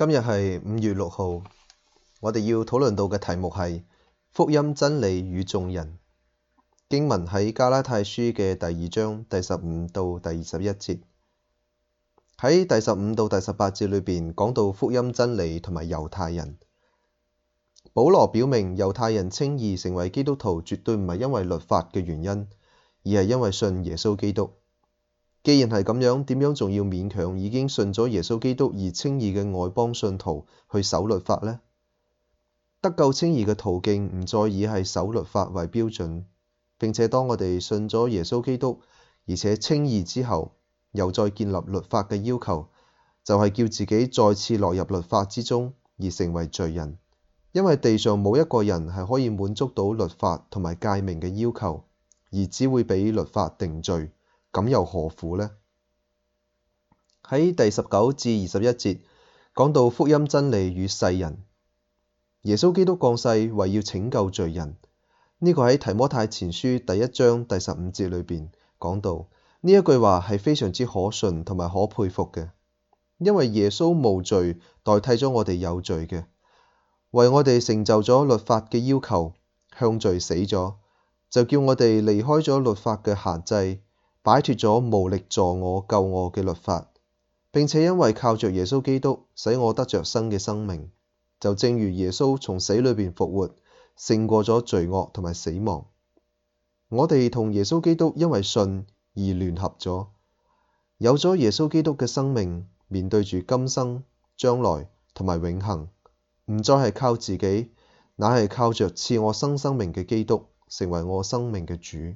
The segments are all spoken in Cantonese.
今日係五月六號，我哋要討論到嘅題目係福音真理與眾人。經文喺加拉太書嘅第二章第十五到第二十一節，喺第十五到第十八節裏邊講到福音真理同埋猶太人。保羅表明猶太人稱義成為基督徒，絕對唔係因為律法嘅原因，而係因為信耶穌基督。既然係咁樣，點樣仲要勉強已經信咗耶穌基督而稱義嘅外邦信徒去守律法呢？得救稱義嘅途徑唔再以係守律法為標準，並且當我哋信咗耶穌基督而且稱義之後，又再建立律法嘅要求，就係、是、叫自己再次落入律法之中而成為罪人，因為地上冇一個人係可以滿足到律法同埋誡命嘅要求，而只會俾律法定罪。咁又何苦呢？喺第十九至二十一節講到福音真理與世人，耶穌基督降世為要拯救罪人。呢個喺提摩太前書第一章第十五節裏邊講到，呢一句話係非常之可信同埋可佩服嘅，因為耶穌無罪代替咗我哋有罪嘅，為我哋成就咗律法嘅要求，向罪死咗，就叫我哋離開咗律法嘅限制。擺脱咗無力助我救我嘅律法，並且因為靠着耶穌基督，使我得着新嘅生命，就正如耶穌從死裏邊復活，勝過咗罪惡同埋死亡。我哋同耶穌基督因為信而聯合咗，有咗耶穌基督嘅生命，面對住今生、將來同埋永恒，唔再係靠自己，乃係靠着賜我新生,生命嘅基督，成為我生命嘅主。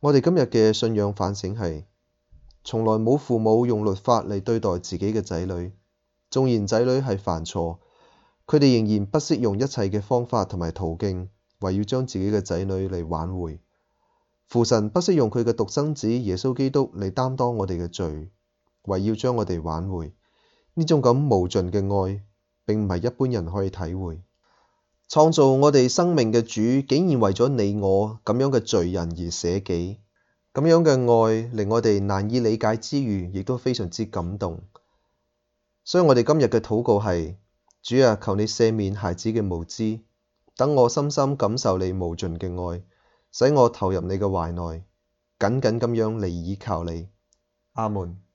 我哋今日嘅信仰反省係，從來冇父母用律法嚟對待自己嘅仔女，縱然仔女係犯錯，佢哋仍然不惜用一切嘅方法同埋途徑，為要將自己嘅仔女嚟挽回。父神不惜用佢嘅獨生子耶穌基督嚟擔當我哋嘅罪，為要將我哋挽回。呢種咁無盡嘅愛，並唔係一般人可以體會。創造我哋生命嘅主，竟然為咗你我咁樣嘅罪人而捨己，咁樣嘅愛令我哋難以理解之餘，亦都非常之感動。所以，我哋今日嘅禱告係：主啊，求你赦免孩子嘅無知，等我深深感受你無盡嘅愛，使我投入你嘅懷內，緊緊咁樣嚟倚靠你。阿門。